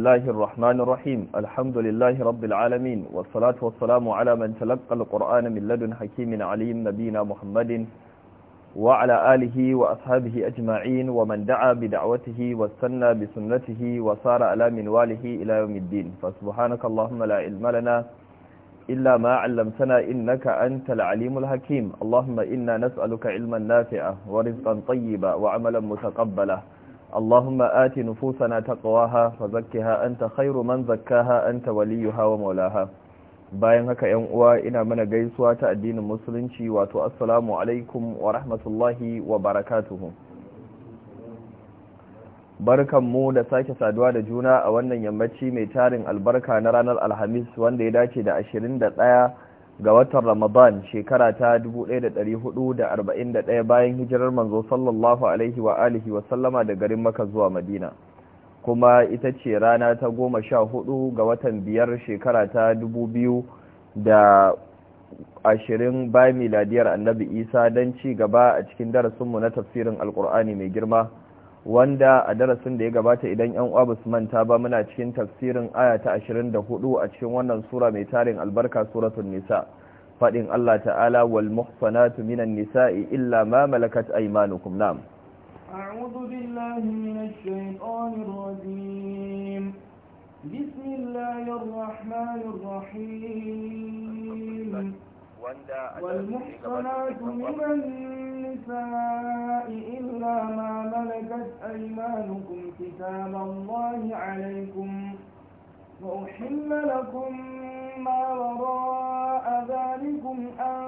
الله الرحمن الرحيم الحمد لله رب العالمين والصلاة والسلام على من تلقى القرآن من لدن حكيم عليم نبينا محمد وعلى آله وأصحابه أجمعين ومن دعا بدعوته واستنى بسنته وصار على منواله إلى يوم الدين فسبحانك اللهم لا علم لنا إلا ما علمتنا إنك أنت العليم الحكيم اللهم إنا نسألك علما نافعا ورزقا طيبا وعملا متقبلا اللهم آت نفوسنا تقواها فزكها أنت خير من زكاها أنت وليها ومولاها bayan haka yan uwa ina mana gaisuwa ta addinin musulunci wato assalamu alaikum wa rahmatullahi wa barakatuhu mu da sake saduwa da juna a wannan yammaci mai tarin albarka na ranar alhamis wanda ya dace da ga watan Ramadan shekara ta 1441 bayan hijirar manzo sallallahu alaihi wa alihi wa sallama da garin maka zuwa Madina kuma ita ce rana ta goma sha hudu ga watan biyar shekara ta 2000 da ashirin bayan miladiyar annabi isa don ci gaba a cikin darasinmu na tafsirin alkur'ani mai girma wanda a darasin da ya gabata idan yan uwa basu manta ba muna cikin tafsirin aya ta 24 a cikin wannan sura mai tarin albarka suratul nisa fadin Allah ta'ala wal muhsanatu minan nisa'i illa ma malakat aymanukum nam a'udhu billahi minash shaitanir rajim bismillahir rahmanir rahim والمحصنات من النساء إلا ما ملكت أيمانكم كتاب الله عليكم وأحل لكم ما وراء ذلكم أن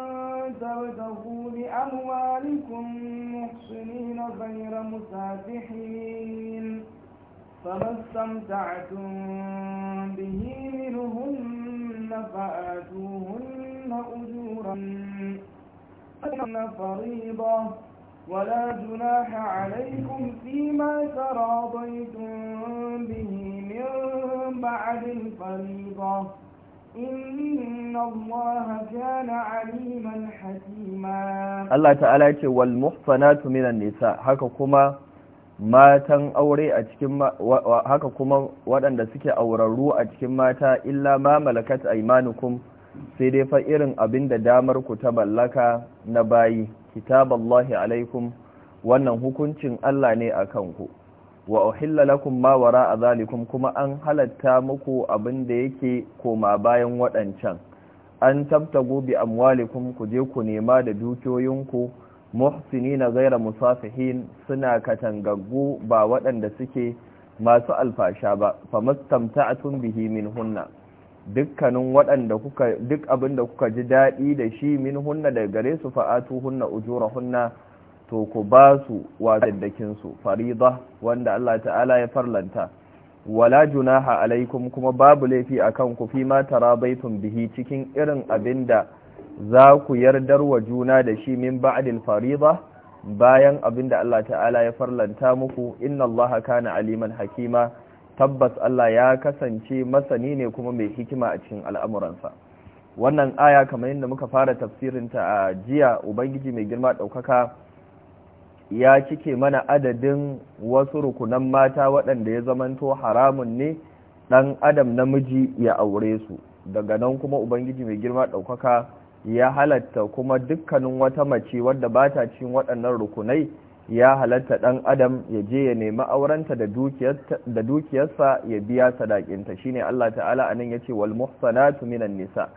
تبتغوا بأموالكم محصنين غير مسافحين فما استمتعتم به منهن فآتوهن أجورا أجورا فريضا ولا جناح عليكم فيما تراضيتم به من بعد الفريضة Allah ta'ala ce wal muhsanatu minan nisa haka kuma matan aure a cikin haka kuma waɗanda suke aurarru a cikin mata illa ma malakat aymanukum sai dai fa irin abin da damar ku ta ballaka na bayi kitaballahi alaikum wannan hukuncin Allah ne a kanku wa uhilla lakum ma wara azalikum kuma an halatta muku abin da yake koma bayan waɗancan an tabtago bi amwalikum ku je ku nema da dukiyoyinku muhsinina ghayra musafihin suna katangaggu ba waɗanda suke masu alfasha ba famastamta'atun bihi min hunna dukkanin waɗanda kuka duk abin da kuka ji daɗi da shi min hunna da gare su fa'atu hunna ujura hunna to ku ba su wadaddakin su farida wanda Allah ta'ala ya farlanta wala junaha alaikum kuma babu laifi akan ku fi ma tarabaitun bihi cikin irin abin da za ku yardar wa juna da shi min ba'dil farida bayan abin da Allah ta'ala ya farlanta muku inna Allah kana aliman hakima tabbas Allah ya kasance masani ne kuma mai hikima a cikin al'amuransa wannan aya kamar yadda muka fara tafsirinta a jiya ubangiji mai girma ɗaukaka ya cike mana adadin wasu rukunan mata waɗanda ya zamanto haramun ne ɗan adam namiji ya aure su daga nan kuma ubangiji mai girma ɗaukaka ya halatta kuma dukkanin wata mace wadda ba ta cin waɗannan rukunai ya halatta ɗan adam ya je ya nemi aurenta da dukiyarsa ya biya sadakinta shine Allah ta'ala anan yace wal muhsanatu minan nisa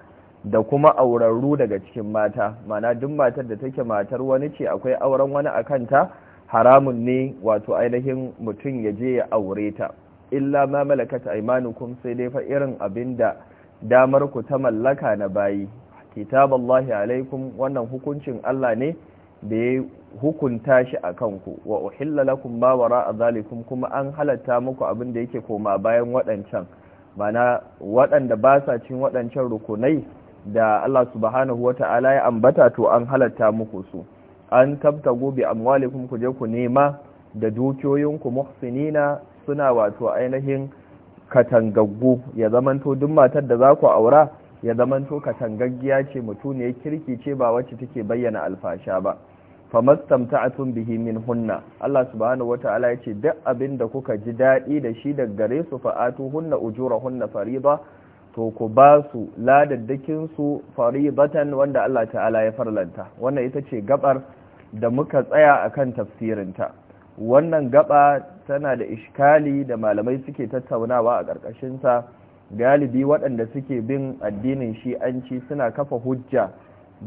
da kuma aurarru daga cikin mata mana duk matar da take matar wani ce akwai auren wani a kanta haramun ne wato ainihin mutum ya je ya aure ta illa ma malakat aymanukum sai dai fa irin abinda damar ku ta mallaka na bayi kitaballahi alaikum wannan hukuncin Allah ne da ya hukunta shi a kanku wa uhilla lakum ma wara zalikum kuma an halatta muku abin da yake koma bayan waɗancan mana waɗanda ba sa cin waɗancan rukunai da Allah subhanahu ta'ala ya ambata to an halatta muku su an gobe gobe amwalikum ku je ku nema da dukiyoyinku muhsinina suna wato ainihin katangaggu ya zamanto duk matar da za ku aura ya zama zamanto katangaggiya ce ya kirki ce ba wacce take bayyana alfasha ba famastamta'atun bihi min hunna Allah subhanahu wata'ala yace duk abin da kuka ji dadi da shi daga gare su fa'atu hunna ujurahunna fariida to ku ba su ladaddakin su faridatan wanda Allah ta'ala ya farlanta wannan ita ce gabar da muka tsaya akan tafsirinta wannan gaba tana da iskali da malamai suke tattaunawa a ƙarƙashin ta galibi waɗanda suke bin addinin shi'anci suna kafa hujja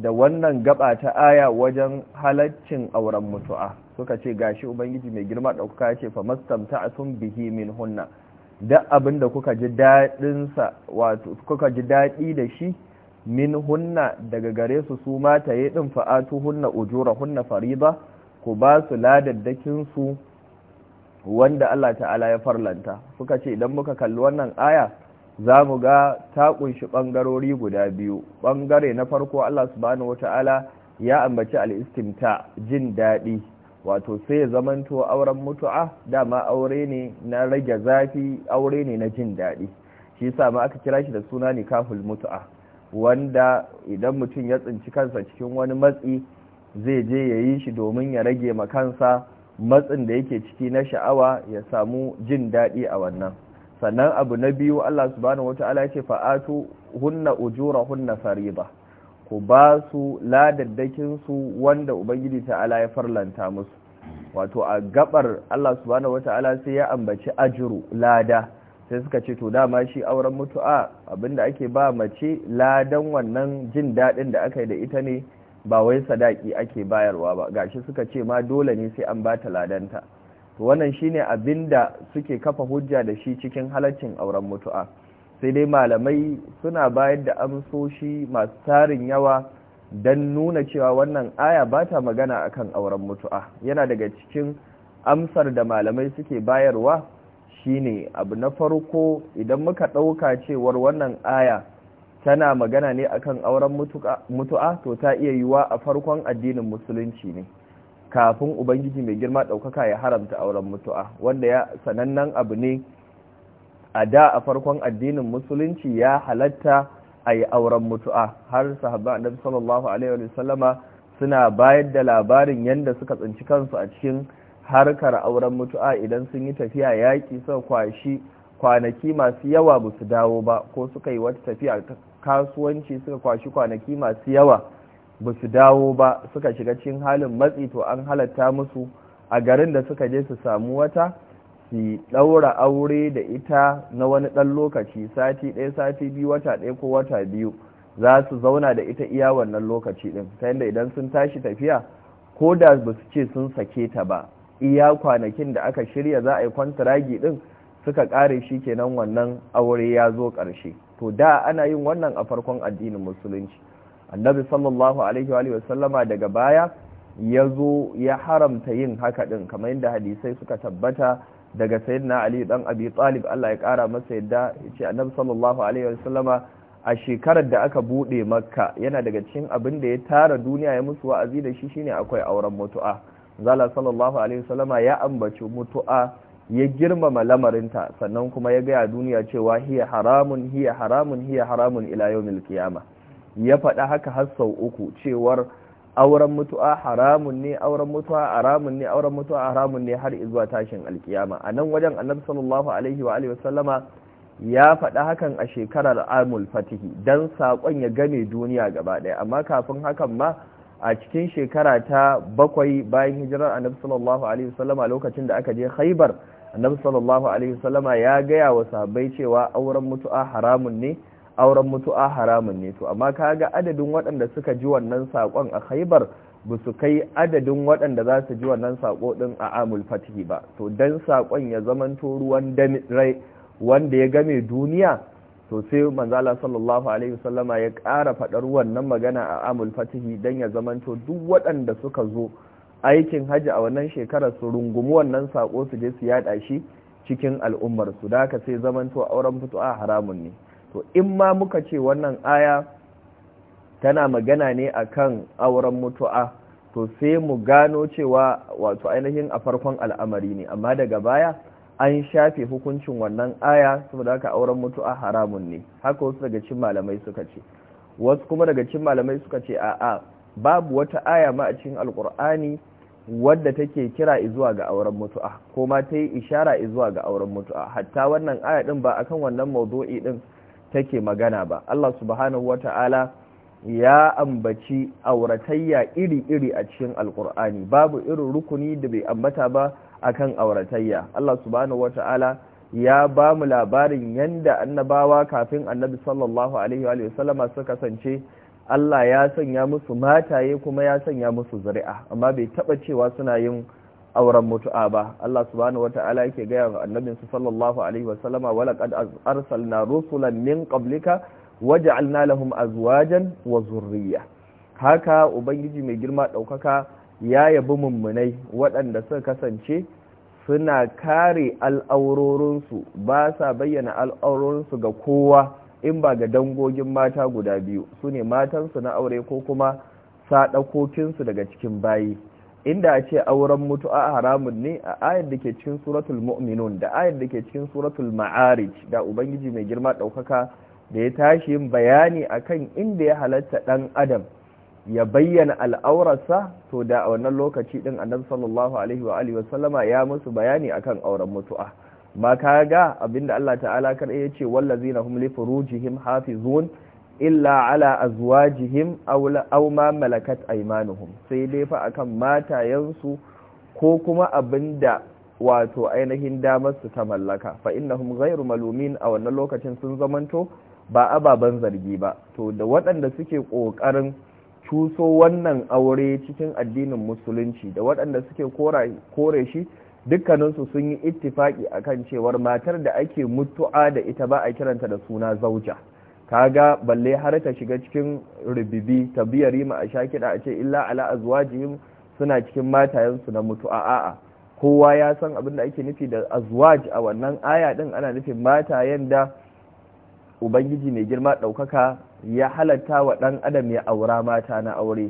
da wannan gaba ta aya wajen halaccin auren mutu'a suka ce gashi ubangiji mai girma ɗauka ce fa mastamta sun bihi min hunna duk abin da kuka ji sa wato kuka ji daɗi da shi min hunna daga gare su su mataye ɗin fa'atu hunna ujura hunna fariba ku ba su ladaddakinsu wanda Allah ta'ala ya farlanta suka ce idan muka kalli wannan aya za mu ga ta kunshi ɓangarori guda biyu ɓangare na farko Allah subhanahu wata'ala ya ambaci al'istimta jin daɗi wato sai ya zamanto auren mutu'a dama aure ne na rage zafi aure ne na jin daɗi shi sa ma aka kira shi da suna ne kaful mutu'a wanda idan mutum ya tsinci kansa cikin wani matsi zai je ya yi shi domin ya rage ma kansa matsin da yake ciki na sha'awa ya samu jin daɗi a wannan sannan abu na biyu Allah subhanahu wata'ala ya ce fa'atu hunna ujura hunna fariba ku ba su ladaddakin su wanda ubangiji ta'ala ya farlanta musu wato a gabar Allah subhanahu wata'ala sai ya ambaci ajru lada sai suka ce to dama shi auren mutu'a abinda ake ba mace ladan wannan jin dadin da aka yi da ita ne ba wai sadaki ake bayarwa ba gashi suka ce ma dole ne sai an ba ta ladanta to wannan shine abin da suke kafa hujja da shi cikin halaccin auren mutu'a sai dai malamai suna bayar da amsoshi masu tarin yawa don nuna cewa wannan aya ba ta magana akan auren mutu'a yana daga cikin amsar da malamai suke bayarwa shine abu na farko idan muka ɗauka cewar wannan aya tana magana ne akan auren mutu'a to ta iya yiwa a farkon addinin musulunci ne kafin ubangiji mai girma daukaka ya haramta auren mutu'a wanda ya sanannen abu ne a da a farkon addinin musulunci ya halatta a yi auren mutu'a har a annabi sallallahu alaihi wa sallama suna bayar da labarin yadda suka tsinci kansu a cikin harkar auren mutu'a idan sun yi tafiya yaƙi sa kwashi kwanaki masu yawa ba su dawo ba ko suka yi wata tafiya kasuwanci suka kwashi kwanaki masu yawa ba su dawo ba suka shiga cikin halin matsi to an halatta musu a garin da suka je su samu wata su ɗaura aure da ita na wani ɗan lokaci sati ɗaya sati biyu wata ɗaya ko wata biyu za su zauna da ita iya wannan lokaci ɗin ta yadda idan sun tashi tafiya ko da ba su ce sun sake ta ba iya kwanakin da aka shirya za a yi kwantaragi ɗin suka ƙare shi kenan wannan aure ya zo ƙarshe to da ana yin wannan a farkon addinin musulunci annabi sallallahu alaihi wa sallama daga baya ya zo ya haramta yin haka din kamar yadda hadisai suka tabbata daga sayyidina ali dan abi talib Allah ya kara masa yadda yace annabi sallallahu alaihi wa sallama a shekarar da aka bude makka yana daga cikin abin da ya tara duniya ya musu wa'azi da shi shine akwai auren mutu'a zala sallallahu alaihi wa sallama ya ambaci mutu'a ya girmama lamarinta sannan kuma ya gaya duniya cewa hiya haramun hiya haramun hiya haramun ila yawmil qiyamah ya faɗa haka har sau uku cewar auren mutu'a haramun ne auren mutu'a haramun ne auren mutu'a haramun ne har zuwa tashin alkiyama a nan wajen annabi sallallahu alaihi wa alihi wasallama ya faɗa hakan a shekarar amul fatihi dan sakon ya game duniya gaba ɗaya amma kafin hakan ma a cikin shekara ta bakwai bayan hijirar annabi sallallahu alaihi wasallama lokacin da aka je khaibar annabi sallallahu alaihi wasallama ya gaya wa sahabbai cewa auren mutu'a haramun ne auren mutu'a haramun ne to amma kaga adadin waɗanda suka ji wannan sakon a Khaibar ba su kai adadin waɗanda za su ji wannan sako din a Amul Fatihi ba to dan sakon ya zamanto ruwan rai wanda ya game duniya to sai manzala sallallahu alaihi wasallama ya ƙara faɗar wannan magana a Amul Fatihi dan ya zamanto duk waɗanda suka zo aikin haji a wannan shekarar su rungumi wannan sako su je su yaɗa shi cikin al'ummar su da haka sai zamanto auren mutu'a haramun ne to in ma muka ce wannan aya tana magana ne akan auren mutu'a to sai mu gano cewa wato ainihin a farkon al'amari ne amma daga baya an shafe hukuncin wannan aya saboda haka auren mutu'a haramun ne haka wasu daga cin malamai suka ce wasu kuma daga cin malamai suka ce a'a babu wata aya ma a cikin alkur'ani wadda take kira izuwa ga auren mutu'a ko ma ta yi ishara izuwa ga auren mutu'a hatta wannan aya din ba akan wannan maudu'i din take magana ba Allah subhanahu wata'ala ya ambaci auratayya iri-iri a cikin alkur'ani babu irin rukuni da bai ambata ba akan auratayya Allah subhanahu wata'ala ya ba mu labarin yanda annabawa kafin annabi sallallahu alaihi wa sallama su kasance Allah ya sanya musu mataye kuma ya sanya musu zuri'a amma bai taba cewa suna yin auren mutu'a ba Allah subhanahu wata'ala yake gaya annabin su sallallahu alaihi wa walaqad arsalna rusulan min qablika waj'alna lahum azwajan wa zurriya haka ubangiji mai girma daukaka ya yabi mummunai waɗanda suka kasance suna kare al'aurorinsu ba sa bayyana al'aurorinsu ga kowa in ba ga dangogin mata guda biyu sune ne matansu na aure ko kuma saɗakokinsu daga cikin bayi inda a ce auren mutu'a haramun ne a ayar da ke cikin suratul mu'minun da ayar da ke cikin suratul ma'arij da ubangiji mai girma ɗaukaka da ya tashi yin bayani akan inda ya halatta ɗan adam ya bayyana al'aurarsa to da a wannan lokaci ɗin annabi sallallahu alaihi wa alihi wasallama ya musu bayani akan auren mutu'a ma ka ga abinda Allah ta'ala kar ya ce wallazina hum li furujihim hafizun illa ala azwajihim aw ma malakat aymanuhum sai dai fa akan matayensu ko kuma abinda wato ainihin damar su ta mallaka fa innahum ghayru malumin a wannan lokacin sun zamanto ba ababen zargi ba to da waɗanda suke ƙoƙarin cuso wannan aure cikin addinin musulunci da waɗanda suke kore shi dukkaninsu sun yi ittifaki akan cewar matar da ake mutu'a da ita ba a kiranta da suna zauja kaga balle har ta shiga cikin rubibi tabiyar rima a shakida a ce illa ala azwajihim suna cikin matayensu na mutu a a'a kowa ya san abin da ake nufi da azwaj a wannan aya din ana nufin matayen da ubangiji mai girma ɗaukaka ya halatta wa ɗan adam ya aura mata na aure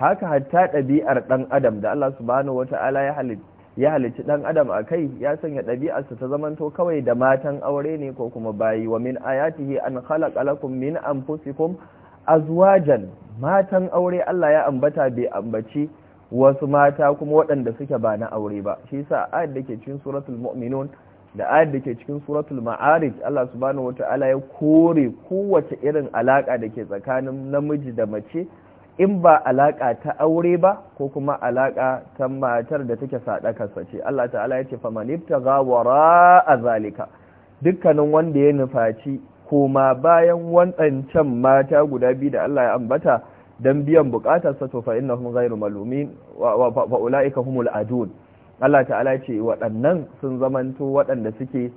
haka hatta ɗabi'ar ɗan adam da Allah subhanahu wata'ala ya halitta ya halici dan adam a kai ya sanya ɗabi'arsa ta zamanto kawai da matan aure ne ko kuma bayi wa min ayatihi an khalaqa lakum min anfusikum azwajan matan aure Allah ya ambata bai ambaci wasu mata kuma waɗanda suke ba na aure ba shi yasa ayat ke cikin suratul mu'minun da ayat ke cikin suratul ma'arij Allah subhanahu wataala ya kore kowace irin alaka da ke tsakanin namiji da mace in ba alaƙa ta aure ba ko kuma alaƙa ta matar da take sadakarsa ce Allah ta'ala ya ce man ibtaga wara azalika. dukkanin wanda ya nufaci koma bayan wancan mata guda biyu da Allah ya ambata dan biyan sa, to fa innahum ghayru malumin wa ulaika humul adun Allah ta'ala ya ce waɗannan sun zamanto waɗanda suke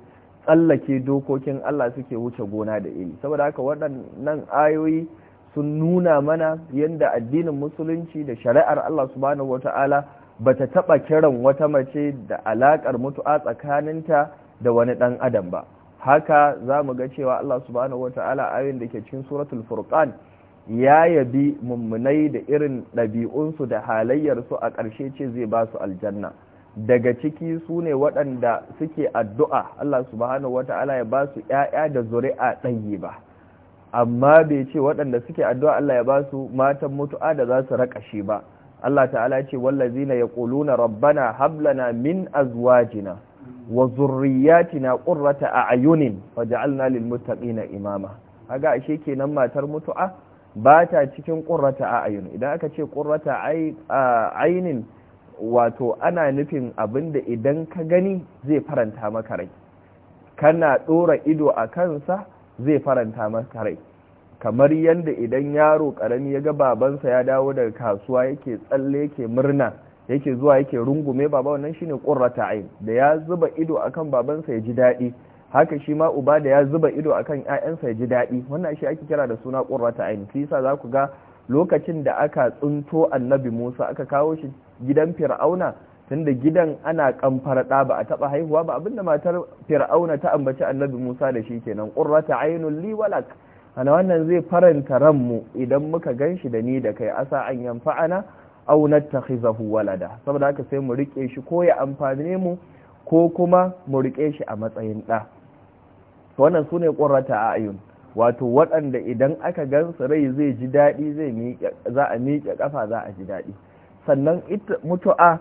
tsallake dokokin Allah suke wuce gona da iri saboda haka waɗannan ayoyi sun nuna mana yadda addinin musulunci da shari'ar Allah subhanahu wata'ala ba ta taɓa kiran wata mace da alaƙar mutu'a tsakaninta da wani ɗan adam ba haka za mu ga cewa Allah subhanahu wata'ala ayin da ke cikin suratul furqan ya yabi mummunai da irin ɗabi'unsu da halayyarsu a ƙarshe ce zai ba su aljanna daga ciki su ne waɗanda suke addu'a Allah subhanahu wata'ala ya ba su ‘ya'ya da zuri'a ɗanyi ba amma bai ce waɗanda suke addu'a Allah ya basu matan mutu'a da za su shi ba Allah ta'ala ce wallazina yaquluna rabbana hablana min azwajina wa a qurrata a'yunin waj'alna lil muttaqina imama kaga ashe kenan matar mutu'a ba ta cikin qurrata a'yun idan aka ce qurrata ainin wato ana nufin abinda idan ka gani zai faranta maka rai kana dora ido a kansa zai faranta masa rai kamar yadda idan yaro karami ya ga babansa ya dawo daga kasuwa yake tsalle yake murna yake zuwa yake rungume baba wannan shine qurrata ayn da ya zuba ido akan babansa ya ji dadi haka shi ma uba da ya zuba ido akan ƴaƴansa ya ji dadi wannan shi ake kira da suna qurrata ayn shi yasa zaku ga lokacin da aka tsinto annabi Musa aka kawo shi gidan Fir'auna tunda gidan ana kamfar da ba a taba haihuwa ba abinda matar fir'auna ta ambaci annabi Musa da shi kenan Ƙurrata aynul li walak ana wannan zai faranta ran mu idan muka ganshi da ni da kai asa an yanfa'ana aw nattakhizahu walada saboda haka sai mu rike shi ko ya amfane mu ko kuma mu rike shi a matsayin da wannan sune a ayun wato waɗanda idan aka gansu rai zai ji daɗi zai za a miƙe ƙafa za a ji daɗi sannan ita mutu'a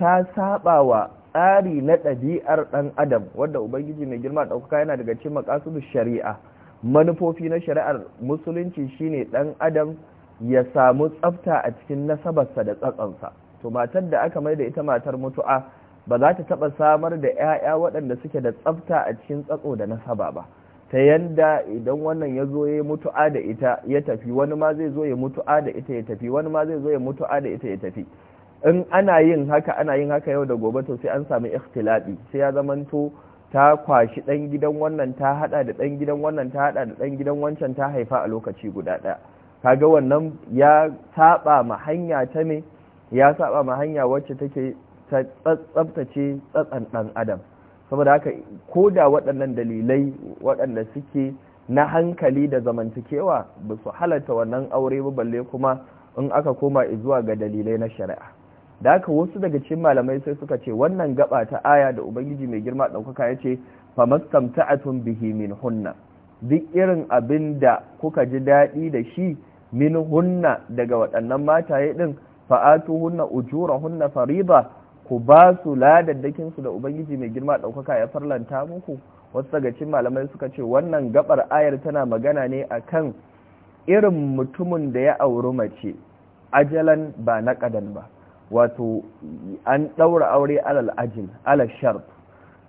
ta saba wa tsari na ɗabi'ar ɗan adam wadda ubangiji mai girma ɗaukaka yana daga cikin makasudu shari'a manufofi na shari'ar musulunci shine ɗan adam ya samu tsafta a cikin nasabarsa da tsatsansa to matar da aka mai da ita matar mutu'a ba za ta taɓa samar da 'ya'ya waɗanda suke da tsafta a cikin tsatso da nasaba ba ta yanda idan wannan ya zo ya yi mutu'a da ita ya tafi wani ma zai zo ya mutu'a da ita ya tafi wani ma zai zo ya mutu'a da ita ya tafi in ana yin haka ana yin haka yau da gobe to sai an sami ikhtilafi sai ya zamanto ta kwashi dan gidan wannan ta hada da dan gidan wannan ta hada da dan gidan wancan ta haifa a lokaci guda daya kaga wannan ya saba ma hanya ta ne ya saba ma hanya wacce take tsaftace tsatsan dan adam saboda haka ko da waɗannan dalilai waɗanda suke na hankali da zamantakewa ba su halatta wannan aure ba balle kuma in aka koma zuwa ga dalilai na shari'a da haka wasu daga cikin malamai sai suka ce wannan gaba ta aya da ubangiji mai girma ɗaukaka ya ce famastamta'atun bihi min hunna duk irin abin da kuka ji daɗi da shi min hunna daga waɗannan mataye ɗin fa'atu hunna ujura hunna fariba ku ba su ladaddakin su da ubangiji mai girma ɗaukaka ya farlanta muku wasu daga cikin malamai suka ce wannan gabar ayar tana magana ne akan irin mutumin da ya auri mace ajalan ba na ƙadan ba wato an ɗaura aure alal ajin alal sharp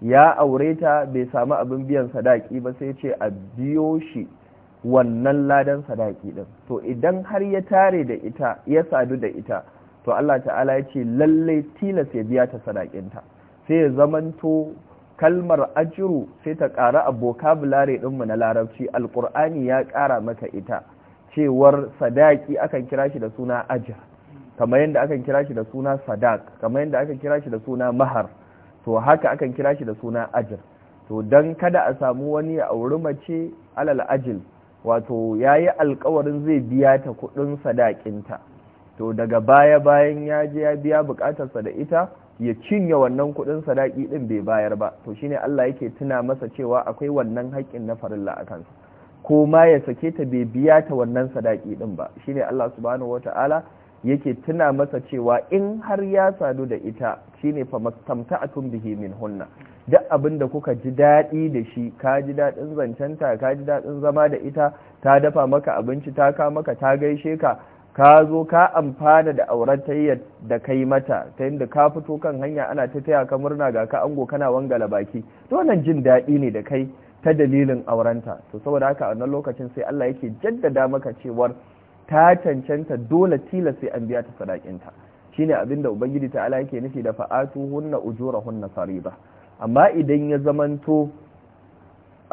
ya aure ta bai samu abin biyan sadaki ba sai ce a biyo shi wannan ladan sadaki din to idan har ya tare da ita ya sadu da ita to Allah ta'ala ya ce lalle tilas ya biya ta sadakinta sai ya zamanto kalmar ajiru sai ta ƙara a vocabulary ɗinmu na larabci alƙur'ani ya ƙara maka ita cewar sadaki akan kira shi da suna ajiru kamar yadda akan kira shi da suna sadaq kamar yadda akan kira shi da suna mahar to haka akan kira shi da suna ajir to don kada a samu wani ya auri mace alal ajil wato ya yi alkawarin zai biya ta kudin sadakinta to daga baya bayan ya je ya biya bukatarsa da ita ya cinye wannan kudin sadaki din bai bayar ba to shine Allah yake tuna masa cewa akwai wannan haƙƙin na farilla a ko ma ya sake ta bai biya ta wannan sadaki din ba shine Allah subhanahu wataala yake tuna masa cewa in har ya sadu da ita shine fa tun bihi min hunna duk abin da kuka ji daɗi da shi ka ji daɗin zancenta ka ji daɗin zama da ita ta dafa maka abinci ta ka maka ta gaishe ka ka zo ka amfana da auren yi da kai mata ta yadda ka fito kan hanya ana ta taya ka murna ga ka ango kana wangala baki to wannan jin daɗi ne da kai ta dalilin aurenta to saboda haka a wannan lokacin sai Allah yake jaddada maka cewar ta cancanta dole tilas sai an biya ta sadakinta shine abinda ubangiji ta yake nufi da fa'atu hunna ujura hunna sariba amma idan ya zamanto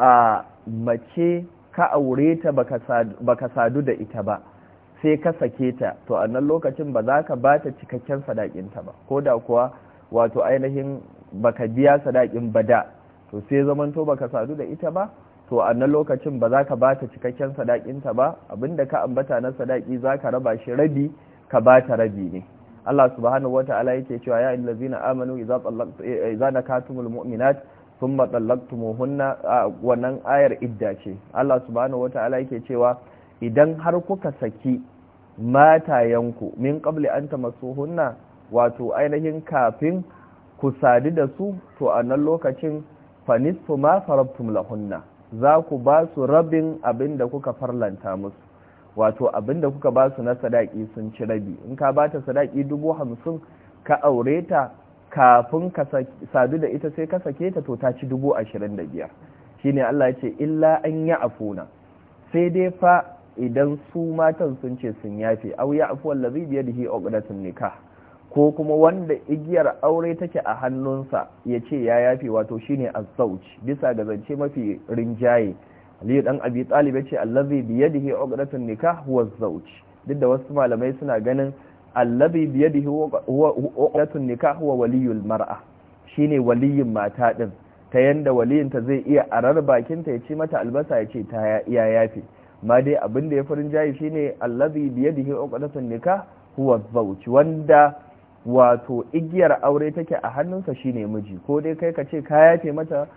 a mace ka aure ta baka sadu da ita ba sai ka sake ta to annan lokacin ba za ka ba ta cikakken sadakinta ba ko da kuwa wato ainihin baka biya sadakin bada to sai zamanto baka sadu da ita ba to a nan lokacin ba za ka ba ta cikakken sadakinta ba abinda ka ambata na sadaki za ka raba shi rabi ka ba ta rabi ne Allah subhanahu ta'ala yake cewa ya ladzina amanu idza tallaqtu idza nakatumul mu'minat thumma tallaqtumuhunna wannan ayar idda ce Allah subhanahu ta'ala yake cewa idan har kuka saki matayanku min qabli an tamassuhunna wato ainihin kafin ku sadu da su to a nan lokacin fanisfu ma farabtum lahunna za ku ba su rabin abin da kuka farlanta musu wato abin da kuka ba su na sadaki sun ci rabi in ka ba ta sadaki dubu hamsin ka aure ta kafin ka sadu da ita sai ka sake ta to ta ci dubu ashirin da biyar shi ne Allah ce illa an yi afuna sai dai fa idan su matan sun ce sun yafe au ya afuwan lazi biyar da hi ogadatun nikah ko kuma wanda igiyar aure take a hannunsa ya ce ya yafi wato shine sauci bisa ga zance mafi rinjaye aliyu dan abi talib ya ce allazi biyadihi uqdatun nikah huwa zauci. duk da wasu malamai suna ganin allazi biyadihi uqdatun nikah huwa waliyul mar'a shine waliyin mata ɗin. ta yanda waliyinta zai iya arar bakinta ya ce mata albasa ya ce ta ya yafe ma dai abin da ya farin jayi shine allazi biyadihi uqdatun nikah huwa zauci wanda wato igiyar aure take a hannunsa shine miji ko dai kai ka ce ka yafe mata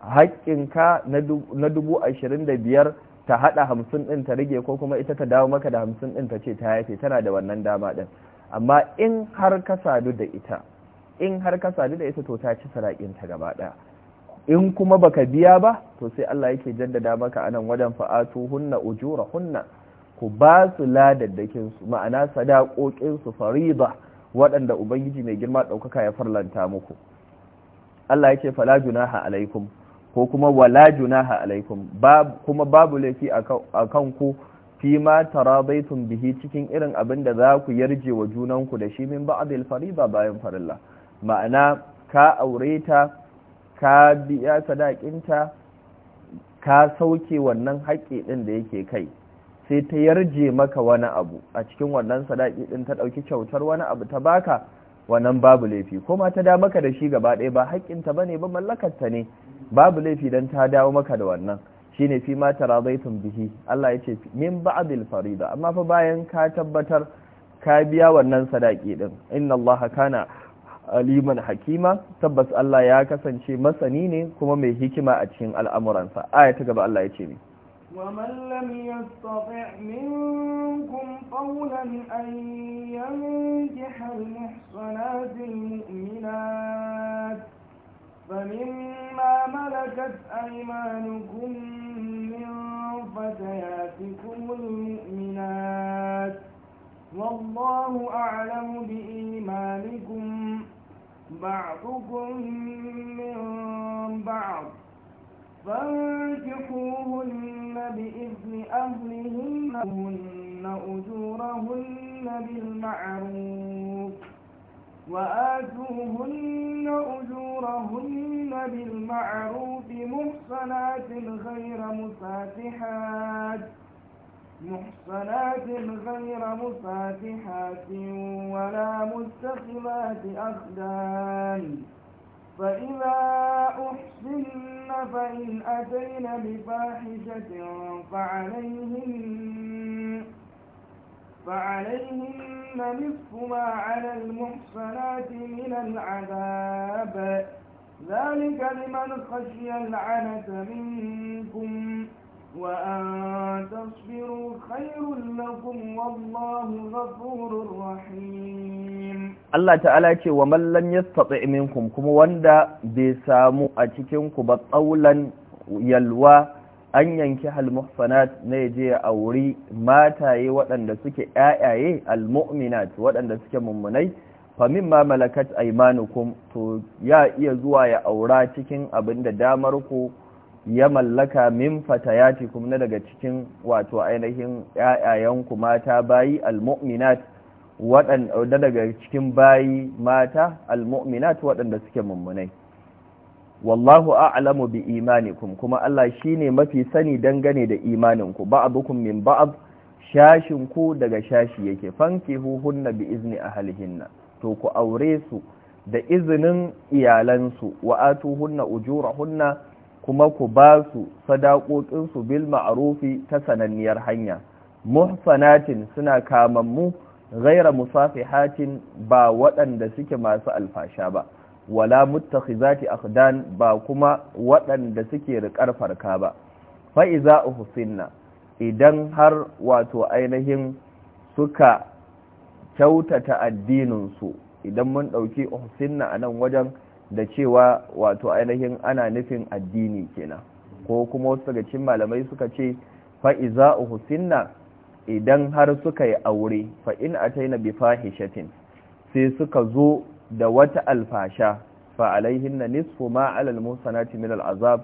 haƙƙinka na dubu ashirin da biyar ta haɗa hamsin ɗin ta rage ko kuma ita ta dawo maka da hamsin ɗin ta ce ta yafe tana da wannan dama ɗin amma in har ka sadu da ita in har ka sadu da ita to ta ci ta gaba ɗaya in kuma baka biya ba to sai Allah yake jaddada maka anan wadan fa'atu hunna ujura hunna ku ba su ladaddakin su ma'ana sadaƙoƙin su fariba waɗanda ubangiji mai girma ɗaukaka ya farlanta muku Allah ya ce fala junaha alaikum ko kuma wala junaha alaikum kuma babu laifi a kanku fi ma tarabaitun bihi cikin irin abin da za ku yarje wa junanku da shi min ba'dil fariba bayan farilla ma'ana ka aure ta ka biya sadakinta ka sauke wannan haƙƙi ɗin da yake kai sai ta yarje maka wani abu a cikin wannan sadaki din ta dauki kyautar wani abu ta baka wannan babu laifi kuma ta da maka da shi gaba ɗaya ba haƙƙinta ba bane ba mallakarta ne babu laifi dan ta dawo maka da wannan shine fi ma tarazaitun bihi Allah ya ce min ba'dil farida amma fa bayan ka tabbatar ka biya wannan sadaki din inna Allah kana aliman hakima tabbas Allah ya kasance masani ne kuma mai hikima a cikin al'amuransa aya gaba Allah ya ce ni ومن لم يستطع منكم قولا أن ينجح المحصنات المؤمنات فمما ملكت أيمانكم من فتياتكم المؤمنات والله أعلم بإيمانكم بعضكم من بعض فانكحوهن بإذن أهلهن هن أجورهن بالمعروف وآتوهن أجورهن بالمعروف محصنات غير مفاتحات محصنات غير مفاتحات ولا متخذات أخدان فإذا أحسن فإن أتين بفاحشة فعليهن فعليهن نصف ما على المحصنات من العذاب ذلك لمن خشي العنة منكم وأن تصبروا خير لكم والله غفور رحيم الله تعالى ce wa لم يستطع منكم كم kuma wanda bai samu a cikin ba yalwa an yanki muhsanat na je a wuri mataye waɗanda suke ƴaƴaye almu'minat waɗanda suke mummunai fa mimma malakat aymanukum to ya iya zuwa ya aura cikin da damar ku ya mallaka min fatayatikum na daga cikin wato ainihin ƴaƴayenku mata bayi almu'minat waɗanda daga cikin bayi mata almu'minat waɗanda suke mummunai wallahu a'lamu bi imanikum kuma Allah shine mafi sani dangane da imaninku ba'dukum min ba'd shashin ku daga shashi yake hunna bi izni ahlihinna to ku aure su da izinin iyalansu wa atuhunna ujurahunna kuma ku ba su sadakokinsu bil ma'arufi ta sananniyar hanya muhsanatin suna kamammu ghaira musafihatin ba waɗanda suke masu alfasha ba wala muttakhizati akhdan ba kuma waɗanda suke riƙar farka ba fa iza uhsinna idan har wato ainihin suka kyautata addininsu idan mun ɗauki uhsinna anan wajen da cewa wato ainihin ana nufin addini kenan ko kuma wasu daga malamai suka ce fa'iza uhusinna idan har suka yi aure fa'in a taina bi fahishatin sai suka zo da wata alfasha fa'alaihin na nisfu ma'alal musanati min al'azab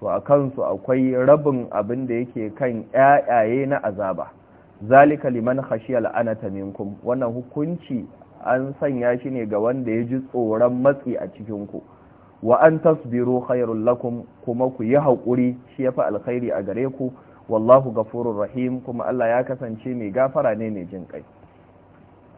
to a kansu akwai rabin abin da yake kan ‘ya'yaye na azaba zalika liman khashiyal anata minkum wannan hukunci an sanya shi ne ga wanda ya ji tsoron matsi a cikinku wa an tasbiru khairul lakum kuma ku yi haƙuri shi ya fi alkhairi a gare ku wallahu gafurur rahim kuma Allah ya kasance mai gafara ne mai jin kai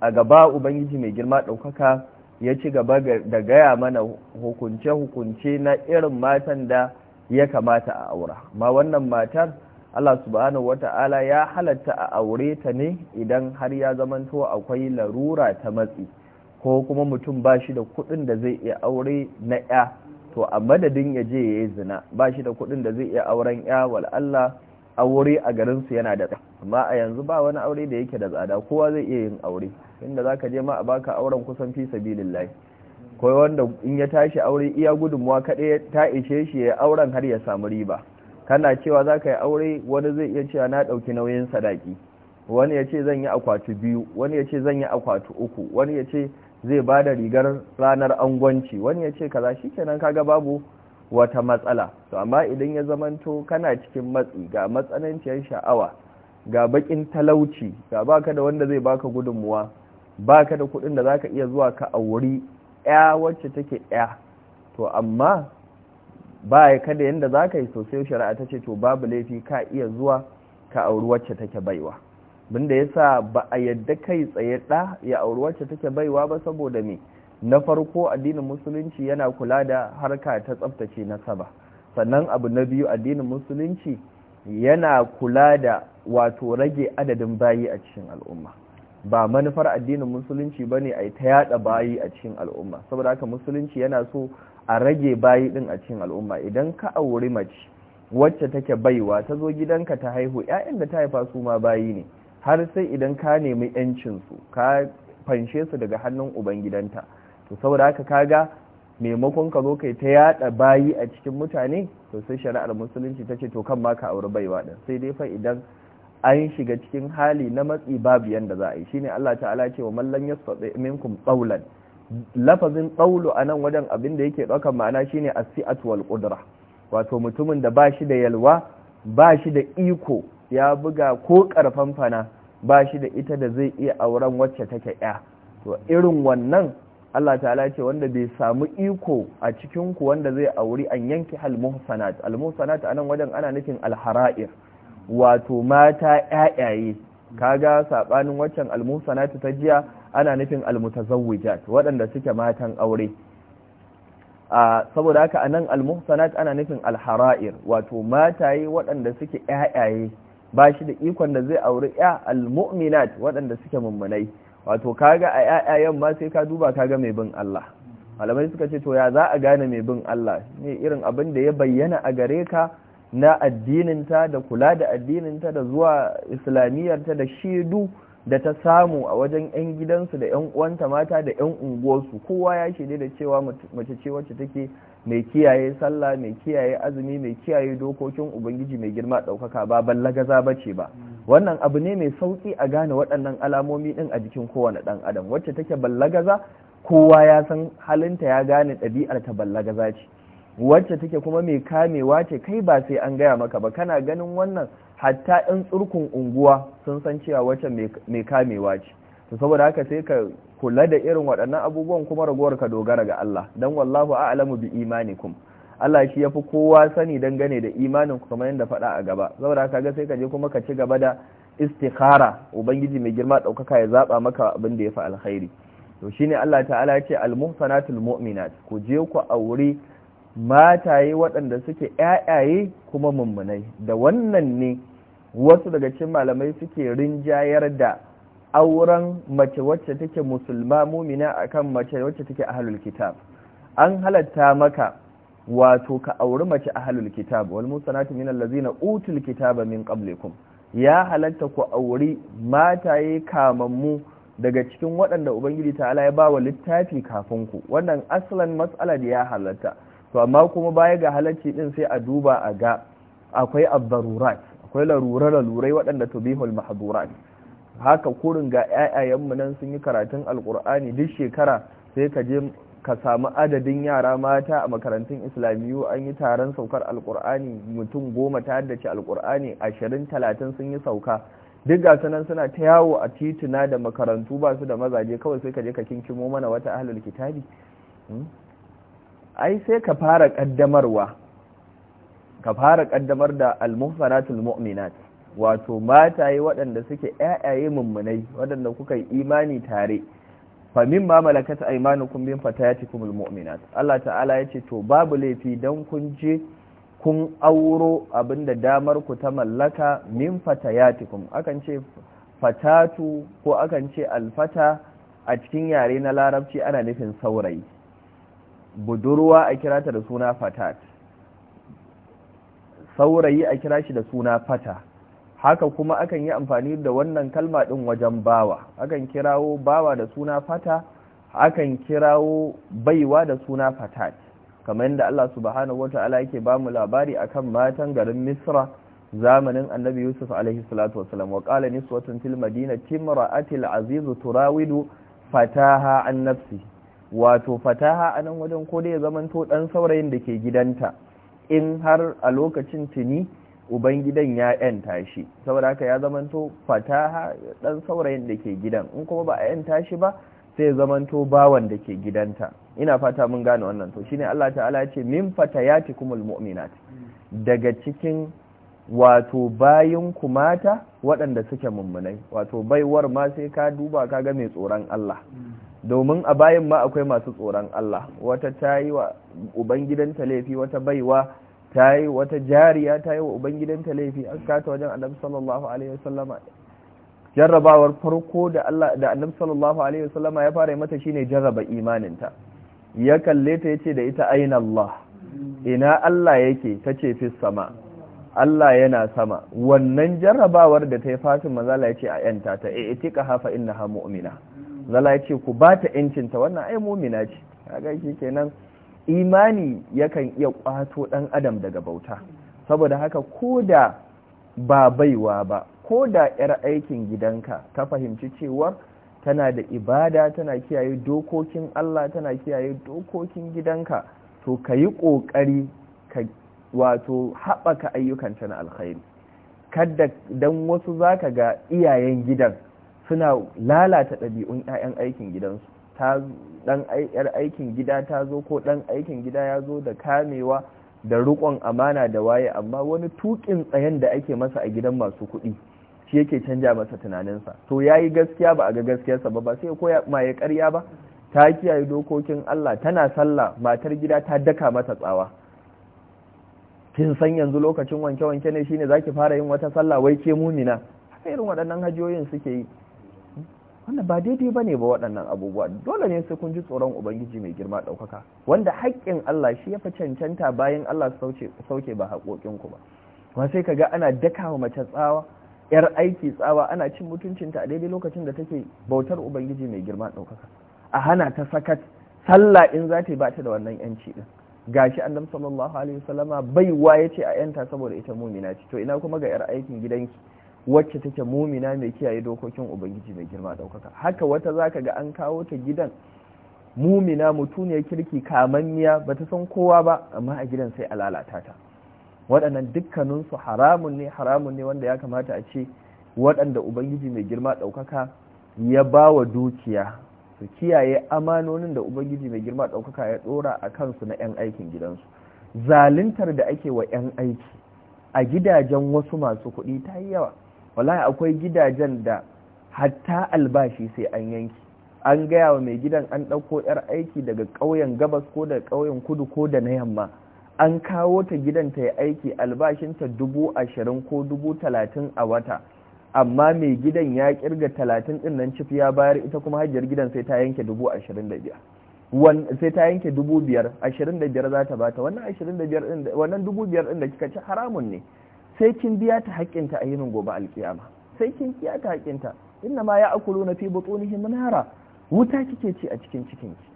a gaba ubangiji mai girma ɗaukaka ya ci gaba da gaya mana hukunce-hukunce na irin matan da ya kamata a aura ma wannan matar Allah subhanahu wata'ala ya halatta a aure ta ne idan har ya zamanto akwai larura ta matsi ko kuma mutum ba shi da kuɗin da zai iya aure na ya to a madadin ya je ya yi zina ba shi da kuɗin da zai iya auren ya wal'alla aure a garinsu yana da amma a yanzu ba wani aure da yake da tsada kowa zai iya yin aure inda za ka je ma a baka auren kusan fi sabilillahi ko wanda in ya tashi aure iya gudunmuwa kaɗai ta ishe shi ya auren har ya samu riba kana cewa za ka yi aure wani zai iya cewa na ɗauki nauyin sadaki wani ya ce zan yi akwatu biyu wani ya ce zan yi akwatu uku wani ya ce zai ba da rigar ranar angwanci wani ya ce kaza shi kenan kaga babu wata matsala to amma idan ya zamanto kana cikin matsi ga matsananciyar sha'awa ga bakin talauci ga baka da wanda zai baka gudunmuwa baka da kuɗin da za ka iya zuwa ka auri ya wacce take ya to amma ba ya kada yadda za ka yi sosai shari'a ta ce to babu laifi ka iya zuwa ka auri wacce take baiwa binda ya sa ba a yadda kai tsaye ɗa ya auri wacce take baiwa ba saboda me na farko addinin musulunci yana kula da harka ta tsaftace nasaba sannan abu na biyu addinin musulunci yana kula da wato rage adadin bayi a cikin al'umma ba manufar addinin musulunci ba ne a ta yada bayi a cikin al'umma saboda haka musulunci yana so a rage bayi din a cikin al'umma idan ka auri mace wacce take baiwa ta zo gidanka ta haihu ƴaƴan da ta haifa su ma bayi ne har sai idan ka nemi yancin su ka fanshe su daga hannun uban gidanta to saboda haka ga maimakon ka zo kai ta yada bayi a cikin mutane to sai shari'ar musulunci ta ce to kan ma ka auri baiwa din sai dai fa idan an shiga cikin hali na matsi babu yanda za a yi shine Allah ta'ala ce wa mallan lam yastati minkum qawlan lafazin ɗaulu a nan wajen abin da yake ɗaukar ma'ana shine as-si'at wal ƙudura wato mutumin da ba shi da yalwa ba shi da iko ya buga ko ƙarfanfana fana ba shi da ita da zai iya auren wacce take ya to irin wannan Allah ta ce wanda bai samu iko a cikinku wanda zai auri an yanki al-muhsanat al-muhsanat anan wajen ana nufin al-hara'ir wato mata ƴaƴaye kaga sabanin waccan al-muhsanat ta jiya ana nufin almutazawijat waɗanda suke matan aure saboda haka anan almuhsanat ana nufin alhara'ir wato mataye waɗanda suke ƴaƴaye ba shi da ikon da zai auri ƴa almu'minat waɗanda suke mummunai wato kaga a ƴaƴayen ma sai ka duba kaga mai bin Allah malamai suka ce to ya za a gane mai bin Allah ne irin abin da ya bayyana a gare ka na addininta da kula da addininta da zuwa islamiyarta da shaidu da ta samu a wajen 'yan gidansu da 'yan uwanta mata da 'yan unguwarsu kowa ya shaide da cewa mace ce wacce take mai kiyaye sallah mai kiyaye azumi mai kiyaye dokokin ubangiji mai girma ɗaukaka ba ballagaza ba ce ba wannan abu ne mai sauki a gane waɗannan alamomi ɗin a jikin kowane ɗan adam wacce take ballagaza kowa ya san halinta ya gane ɗabi'ar ta ballagaza ce wacce take kuma mai kamewa ce kai ba sai an gaya maka ba kana ganin wannan hatta ɗan tsurkun unguwa sun san cewa wacce mai kamewa ce to saboda haka sai ka kula da irin waɗannan abubuwan kuma ragowar ka dogara ga Allah dan wallahu a'lamu bi imanikum Allah shi yafi kowa sani dangane da imanin ku kamar yadda faɗa a gaba saboda haka ga sai ka je kuma ka ci gaba da istikhara ubangiji mai girma ɗaukaka ya zaba maka abin da ya fi alkhairi to shine Allah ta'ala ya ce al-muhsanatul mu'minat ku je ku aure mataye waɗanda suke ƴaƴaye kuma mummunai da wannan ne wasu daga cikin malamai suke rinjayar da auren mace wacce take musulma mumina akan mace wacce take ahlul kitab an halatta maka wato ka auri mace ahlul kitab wal musanatu min allazina utul kitaba min qablikum ya halatta ku auri mataye kamammu daga cikin waɗanda ubangiji ta'ala ya bawa littafi kafin ku wannan aslan mas'ala da ya halatta to amma kuma baya ga halacci din sai a duba a ga akwai abdarurat akwai larura larurai waɗanda tubihul mahdurat haka kurin ga mu nan sun yi karatun alkur'ani duk shekara sai ka je ka samu adadin yara mata a makarantun islamiyu an yi taron saukar alkur'ani mutum goma ta haddace alkur'ani ashirin talatin sun yi sauka duk gasu nan suna ta yawo a tituna da makarantu ba su da mazaje kawai sai ka je ka kinkimo mana wata ahlul kitabi hmm? ai sai ka fara kaddamarwa ka fara kaddamar da al mu'minat wato mataye waɗanda suke ƴaƴaye mummunai waɗanda kuka yi imani tare fa min ma malakat aymanukum min fatayatikumul mu'minat Allah ta'ala yace to babu laifi dan kun je kun auro abinda damar ku ta mallaka min fatayatikum akan ce fatatu ko akan ce alfata a cikin yare na larabci ana nufin saurayi budurwa a kira da suna fatat saurayi a kira shi da suna fata haka kuma akan yi amfani da wannan kalma din wajen bawa akan kirawo bawa da suna fata akan kirawo baiwa da suna fatat kamar yadda Allah subhanahu wata'ala yake bamu labari akan matan garin Misra zamanin Annabi Yusuf alaihi salatu wasalam wa qala niswatun fil madinati imra'atil Azizu, turawidu fataha an nafsihi wato fataha a nan wajen ko dai ya zamanto ɗan saurayin da ke gidanta in har a lokacin tuni ubangidan ya ‘yanta shi saboda haka ya zamanto fataha ɗan saurayin da ke gidan in kuma ba a ‘yanta tashi ba sai ya zamanto bawan da ke gidanta ina fata mun gane wannan to shine Allah ta'ala ya ce min fatayatikumul mu'minat daga cikin wato bayin kumata, mata waɗanda suke mummunai wato baiwar ma sai ka duba ka ga mai tsoron Allah domin a bayin ma akwai masu tsoron Allah wata ta yi wa ubangidanta laifi wata baiwa ta yi wata jariya ta yi wa ubangidanta laifi an kata wajen annabi sallallahu alaihi wasallama jarrabawar farko da Allah da annabi sallallahu alaihi wasallama ya fara mata shine jarraba imaninta ya kalle ta yace da ita aina Allah ina Allah yake tace fis sama Allah yana sama wannan jarrabawar da ta yi fatin mazala ce a yanta ta e itika hafa inna ha mu'mina zala ce ku ba ta yancinta wannan ai mu'mina ce haka shi kenan imani yakan iya ƙwato ɗan adam daga bauta saboda haka ko da ba baiwa ba ko da yar aikin gidanka ta fahimci cewar tana da ibada tana kiyaye dokokin Allah tana kiyaye dokokin gidanka to kayi ƙoƙari ka wato haɓaka ayyukan na alkhairi kadda dan wasu zaka ga iyayen gidan suna lalata ɗabi'un 'ya'yan aikin gidansu ta dan yar aikin gida ta zo ko ɗan aikin gida ya zo da kamewa da rukon amana da waye amma wani tukin tsayen da ake masa a gidan masu kuɗi shi yake canja masa tunaninsa to yayi gaskiya ba a ga gaskiyarsa ba ba sai ko ya maye ƙarya ba ta kiyaye dokokin Allah tana sallah matar gida ta daka mata tsawa kin san yanzu lokacin wanke-wanke ne shine zaki fara yin wata sallah wai ke mumina haka irin waɗannan hajiyoyin suke yi wannan ba daidai bane ba waɗannan abubuwa dole ne sai kun ji tsoron ubangiji mai girma ɗaukaka wanda haƙƙin Allah shi ya fi cancanta bayan Allah sauke sauke ba haƙoƙin ku ba kuma sai ga ana daka wa mace tsawa yar aiki tsawa ana cin mutuncinta a daidai lokacin da take bautar ubangiji mai girma ɗaukaka a hana ta sakat sallah in zata ta ba ta da wannan yanci din gashi annabi sallallahu alaihi wasallama baiwa yace a yanta saboda ita mumina ce to ina kuma ga yar aikin gidanki wacce take mumina mai kiyaye dokokin ubangiji mai girma daukaka haka wata zaka ga an kawo ta gidan mumina ya kirki kamanniya bata san kowa ba amma a gidan sai a lalata ta waɗannan dukkaninsu haramun ne haramun ne wanda ya kamata a ce waɗanda ubangiji mai girma ɗaukaka ya ba wa dukiya su kiyaye amanonin da ubangiji mai girma ɗaukaka ya ɗora a kansu na 'yan aikin gidansu zaluntar da ake wa 'yan aiki a gidajen wasu masu kuɗi ta yi yawa wallahi akwai gidajen da hatta albashi sai an yanki an gaya wa mai gidan an ɗauko 'yar aiki daga ƙauyen gabas ko da ƙauyen kudu ko da na yamma an kawo ta gidan ta yi aiki albashinta dubu ashirin ko dubu talatin a wata amma mai gidan ya kirga talatin din nan cif ya bayar ita kuma hajjar gidan sai ta yanke dubu ashirin da biyar sai ta yanke dubu biyar ashirin da biyar za ta bata wannan dubu biyar din da kika ci haramun ne sai kin biya ta haƙƙinta a yinin gobe alƙiyama sai kin biya ta haƙƙinta inna ma ya akulu na fi butunihim nara wuta kike ci a cikin cikin ki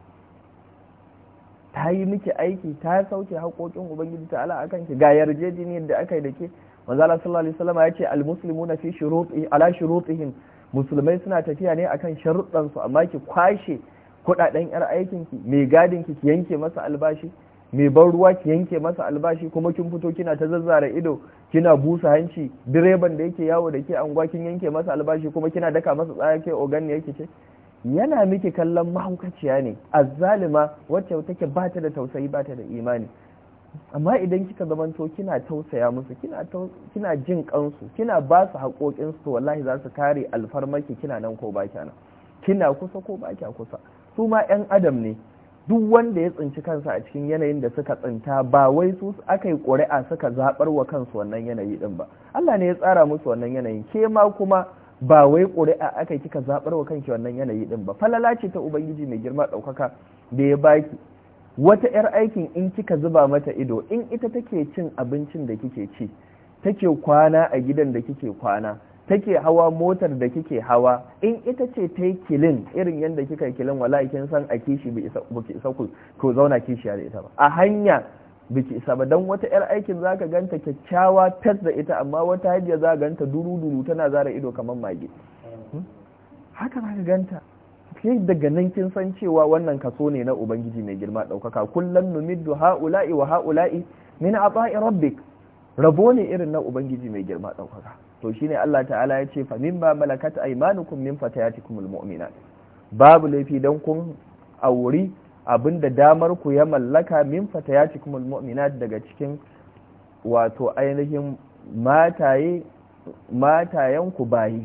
ta yi miki aiki ta sauke haƙoƙin ubangiji ta ala akan ki ga yarjejeniyar da aka yi da ke manzo Allah sallallahu alaihi wasallam ya ce al muslimuna fi shuruti ala shurutihim musulmai suna tafiya ne akan sharuɗan su amma ki kwashe kudaden yar aikin ki mai gadin ki yanke masa albashi mai ban ruwa ki yanke masa albashi kuma kin fito kina ta zazzara ido kina busa hanci direban da yake yawo da ke anguwa kin yanke masa albashi kuma kina daka masa tsaya ke ogan ne yake ce yana miki kallon mahaukaciya ne azzalima wacce take ba ta da tausayi bata da imani amma idan kika zamanto kina tausaya musu kina jin kansu kina ba su haƙoƙin su wallahi za su kare alfarmaki kina nan ko ba kina kina kusa ko ba kya kusa su ma ƴan adam ne duk wanda ya tsinci kansa a cikin yanayin da suka tsinta ba wai su aka yi ƙuri'a suka zaɓar wa kansu wannan yanayi ɗin ba Allah ne ya tsara musu wannan yanayin ke ma kuma ba wai ƙuri'a aka yi kika zaɓar wa kanki wannan yanayi ɗin ba falala ce ta ubangiji mai girma ɗaukaka da ya baki wata 'yar aikin in kika zuba mata ido in ita take cin abincin da kike ci take kwana a gidan da kike kwana take hawa motar da kike hawa in ita ce ta yi kilin irin yadda kika kilin wala kin san a kishi biki isa ku zauna kishiya da ita ba a hanya biki isa ba don wata 'yar aikin za ka ganta kyakkyawa tas da ita amma wata hajiya za ganta duru-duru tana zara ido kamar mage hmm? haka ganta ke daga nan kin san cewa wannan kaso ne na ubangiji mai girma daukaka kullum numiddu haula'i wa haula'i min ata'i rabbik rabo ne irin na ubangiji mai girma daukaka to shine Allah ta'ala ya ce fa ba malakat aymanukum min fatayatikumul mu'minat babu laifi dan kun auri abinda damar ku ya mallaka min fatayatikumul mu'minat daga cikin wato ainihin mataye matayen ku bayi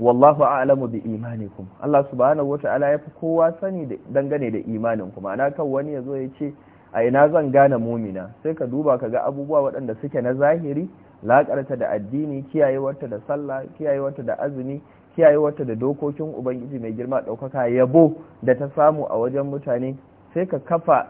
wallahu a'lamu bi imanikum Allah subhanahu wata'ala ya fi kowa sani dangane da imanin ku ma'ana kan wani yazo ya ce a ina zan gane mumina sai ka duba ka ga abubuwa waɗanda suke na zahiri laƙarta da addini kiyayewarta da sallah kiyayewarta da azumi kiyayewarta da dokokin ubangiji mai girma ɗaukaka yabo da ta samu a wajen mutane sai ka kafa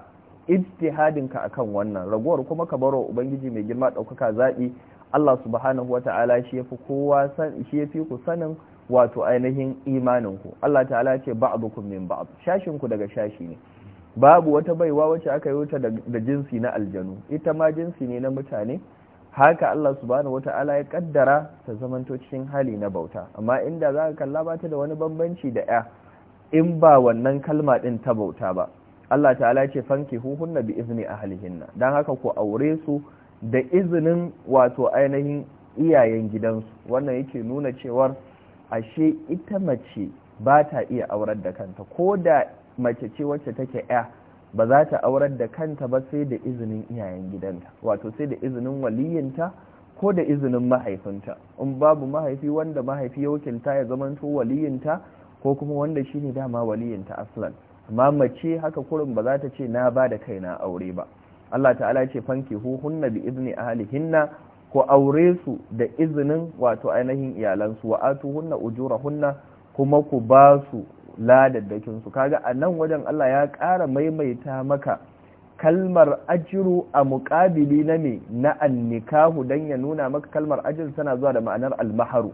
ijtihadin ka akan wannan ragowar kuma ka baro ubangiji mai girma ɗaukaka zaɓi Allah subhanahu wata'ala shi yafi kowa shi yafi ku sanin wato ainihin imaninku Allah ta'ala ce ba'dukum min ba'd shashin ku daga shashi ne babu wata baiwa wacce aka yi da jinsi na aljanu ita ma jinsi ne na mutane haka Allah subhanahu wata'ala ya kaddara ta zamanto cikin hali na bauta amma inda zaka kalla ba ta da wani bambanci da ya in ba wannan kalma din ta bauta ba Allah ta'ala ce fanki hunna bi izni ahlihinna dan haka ku aure su da izinin wato ainihin iyayen gidansu wannan yake nuna cewar ashe ita mace ba ta iya aurar da kanta ko da mace ce wacce take ya ba za ta aurar da kanta ba sai da izinin iyayen gidanta wato sai da izinin waliyinta ko da izinin mahaifinta in babu mahaifi wanda mahaifi ya wakilta ya zamanto waliyinta ko kuma wanda shi ne dama waliyinta aslan amma mace haka kurin ba za ta ce na ba da kaina aure ba Allah ta'ala ce fanki hunna bi izni ahlihinna ku aure su da izinin wato ainihin iyalansu wa ujura hunna kuma ku ba su ladaddakin su kaga a nan wajen Allah ya ƙara maimaita maka kalmar ajiru a muƙabili na me na annikahu dan ya nuna maka kalmar ajiru tana zuwa da ma'anar almaharu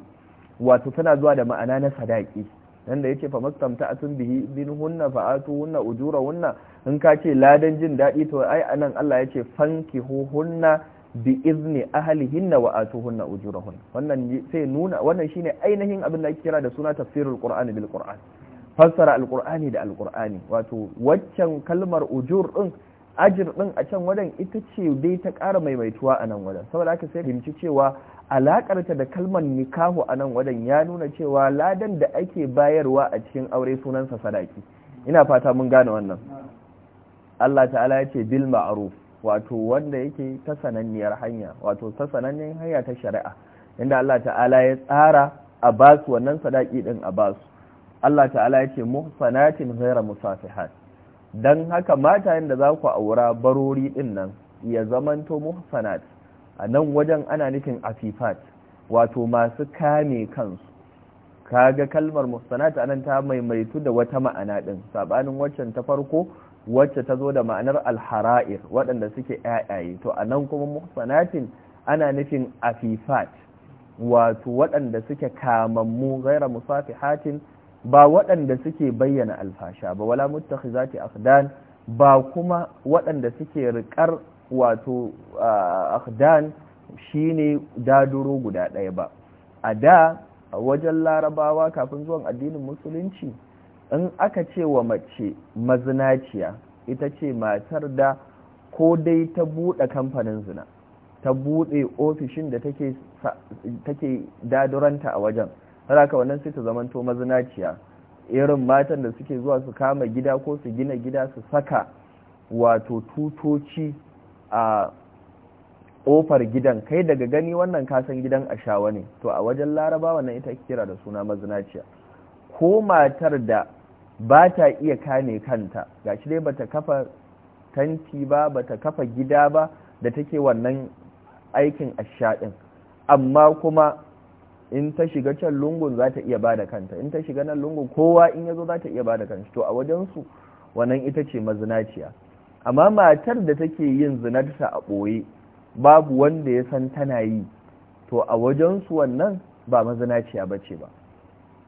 wato tana zuwa da ma'ana na sadaki nan da yake fa mastamta atun bihi bin hunna fa atu hunna ujura hunna in ka ce ladan jin daɗi to ai anan Allah yace fanki hunna bi izni ahlihinna wa atuhunna ujurahun wannan sai nuna wannan shine ainihin abin da ake kira da suna tafsirul qur'ani bil qur'an fassara qur'ani da al qur'ani wato waccan kalmar ujur din ajir din a can wadan ita ce dai ta ƙara maimaituwa a nan wadan saboda haka sai fahimci cewa alakar ta da kalmar nikahu a nan wadan ya nuna cewa ladan da ake bayarwa a cikin aure sunansa sadaki ina fata mun gane wannan Allah ta'ala ya ce bil ma'ruf wato wanda yake ta sananniyar hanya wato ta sananniyar hanya ta shari'a inda Allah ta'ala ya tsara a su wannan sadaki din a basu Allah ta'ala ya ce muhsanatin ghayra musafihat dan haka mata da za ku aura barori din nan ya zamanto muhsanat a nan wajen ana nufin afifat wato masu kame kansu kaga kalmar muhsanat anan ta maimaitu da wata ma'ana din sabanin waccan ta farko wacce ta zo da ma'anar alhara'ir waɗanda suke yayaye to a nan kuma muhsanatin ana nufin afifat wato waɗanda suke kamammu gaira musafihatin ba waɗanda suke bayyana alfasha ba wala muttakhizati akhdan ba kuma waɗanda suke riƙar wato akhdan shine daduro guda ɗaya ba a da wajen larabawa kafin zuwan addinin musulunci in aka ce wa mace mazinaciya ita ce matar da ko dai ta bude kamfanin zina ta buɗe ofishin da take daduranta a wajen haraka wannan sai ta zamanto mazinaciya irin matan da suke zuwa su kama gida ko su gina gida su saka wato tutoci a ofar gidan kai daga gani wannan kasan gidan a shawa ne to a wajen larabawa nan ita kira da suna mazinaciya ko matar da ba ta iya kane kanta ga shi dai bata kafa tanti ba bata kafa gida ba da take wannan aikin ashaɗin amma kuma in ta shiga can lungun za ta iya bada kanta in ta shiga nan lungun kowa in ya zo za ta iya bada kanta to a wajensu wannan ita ce mazinaciya amma matar da take yin zinarta a ɓoye babu wanda ya san tana yi to a wajensu wannan ba mazinaciya ba ce ba